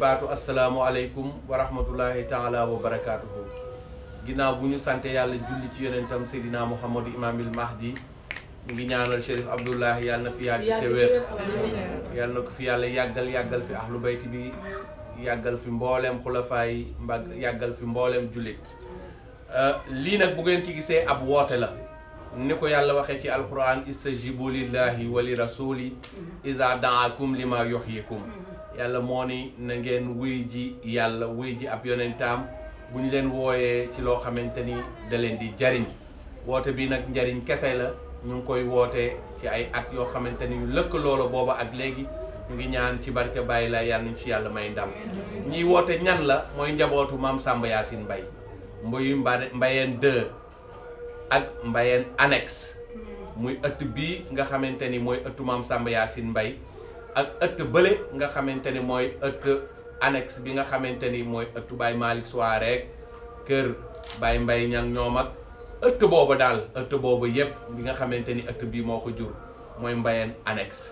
baatu asalaamualeykum wa rahmatullahi taala wa barakaatuhu ginnaaw bu ñu sante yàlla julli ci yonentam Seydina Mouhamadou Imamil Mahdi ñu ngi ñaanal Chérif Abdoulahi yàlla na fi yàgg te wér yàlla na ko fi yàlla yàggal yàggal fi ahlu bayti bi yàggal fi mbooleem xulafaay mbag yàggal fi mbooleem jullit lii nag bu ngeen ci gisee ab woote la ni ko yalla waxee ci alquran istajibu lillahi wa li rasuli iza daakum li ma yalla moni ni na ngeen wuyji ji wuyji ji ab yonentam bu ñu leen wooyee ci loo xamante ni da leen di jariñ wote bi nag jariñ kese la ñu ngi koy wootee ci ay at yoo xamante ni lekk lolo booba ak léegi ñu ngi ñaan ci barke bay la yalla ñu ci yalla may ndam ñi woote ñan la mooy njabootu mam Samba Yacine Mbaye mbuyu mbayen 2 ak mbayeen annexe muy ëtt bii nga xamante ni mooy ëttu maam Samba Yacine Mbaye ak ëtt bële nga xamante ni mooy ëtt annexe bi nga xamante ni mooy ëttu Baye Malick Souaré kër Baye mbay ñang ñoom ak ëtt boobu daal ëtt boobu yëpp bi nga xamante ni ëtt bii moo ko jur mooy mbayeen annex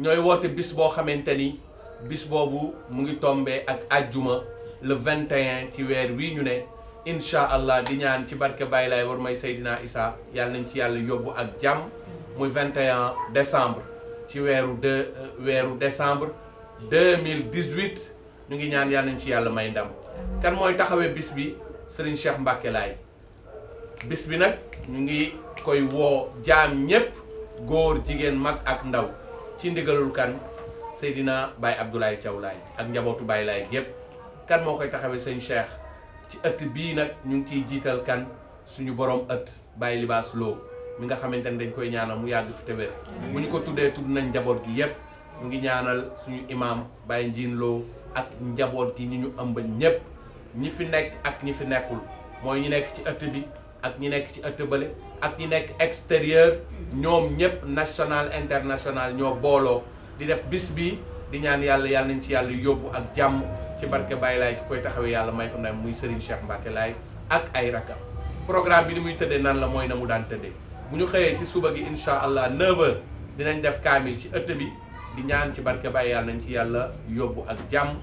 ñooy woote bis boo xamante ni bis boobu mu ngi tombe ak àjjuma le 21 ci weer wii ñu ne incha allah di ñaan ci barke Baye Laye war may sayidina isa yalla nañ ci yalla yobbu ak jam muy 21 décembre ci wéru de euh, wéru décembre 2018 ñu ngi ñaan yalla nañ ci yalla may ndam kan moy taxawé bis bi Serigne Cheikh mbacké lay bis bi nak ñu ngi koy wo jam ñepp goor jigen mag ak ndaw ci ndigalul kan sayidina Baye Abdoulaye Thiaw Laye ak njabotou Baye lay gépp kan mo koy taxawé serigne Cheikh ci ëtt bii nag ñu ngi ciy jiital kan suñu borom ëtt bàyyi libaas loo mi nga xamante ne dañ koy ñaanal mu yàgg fi te mu ñu ko tuddee tudd nañ njaboot gi yépp mu ngi ñaanal suñu imaam bàyyi njiin loo ak njaboot gi ñu ñu ëmb ñépp ñi fi nekk ak ñi fi nekkul mooy ñi nekk ci ëtt bi ak ñi nekk ci ëtt bële ak ñi nekk extérieur ñoom ñépp national international ñoo booloo di def bis bi di ñaan yàlla yàlla nañ ci yàlla yóbbu ak jàmm ci barke Baye Laay ki koy taxawee yàlla may ko ndam muy Serigne Cheikh Mbacke Laay ak ay rakam programme bi ni muy tëddee nan la mooy na mu daan tëddee bu ñu xëyee ci suba gi incha allah 9h dinañ def kaamil ci ëtt bi di ñaan ci barke Baye yàlla nañ ci yàlla yóbbu ak jàmm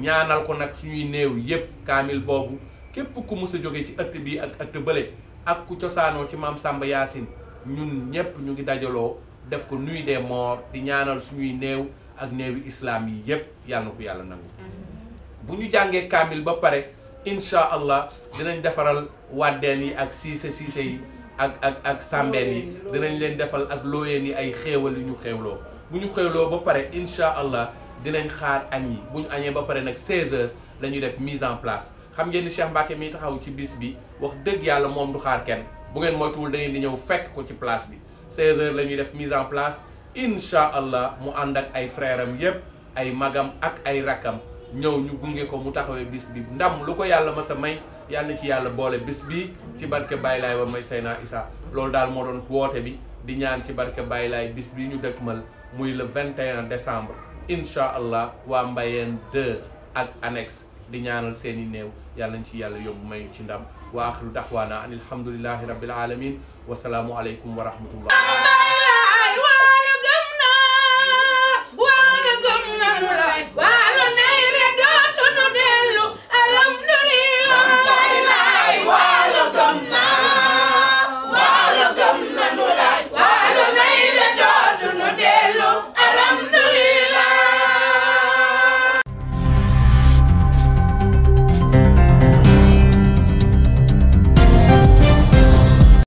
ñaanal ko nag suñuy néew yépp kaamil boobu képp ku mus a jóge ci ëtt bi ak ëtt bële ak ku cosaanoo ci maam Samba Yaasin ñun ñépp ñu ngi dajaloo def ko nuit des morts di ñaanal suñuy néew ak néewi islam yi yépp yàlla ko yàlla nangu bu ñu jàngee kaamil ba pare incha allah dinañ defaral waddeen yi ak siise siise yi ak ak ak yi dinañ leen defal ak looyeen yi ay xewal yu ñu xewloo bu ñu xéewloo ba pare incha allah dinañ xaar añ yi bu ñu añee ba pare nag 16h la def mise en place xam ngeen ni Cheikh Mbacke mi taxaw ci bis bi wax dëgg yàlla moom du xaar kenn bu ngeen moytuwul da di ñëw fekk ko ci place bi 16h la ñuy def mise en place incha allah mu ànd ak ay frères am ay magam ak ay rakkam. ñëw ñu gunge ko mu taxawee bis bi ndam lu ko yàlla ma sa may yàlla ci yàlla boole bis bi ci barke Baye Laay wa may naa Issa loolu daal moo doon woote bi di ñaan ci barke Baye Laay bis bi ñu dëkkmal muy le 21 décembre incha allah waa Mbayeen 2 ak annexe di ñaanal seeni néew yàlla nañ ci yàlla yóbbu mayu ci ndam wa axiru daxwaana an alhamdulillahi rabbil alamin wasalaamu aleykum wa rahmatullah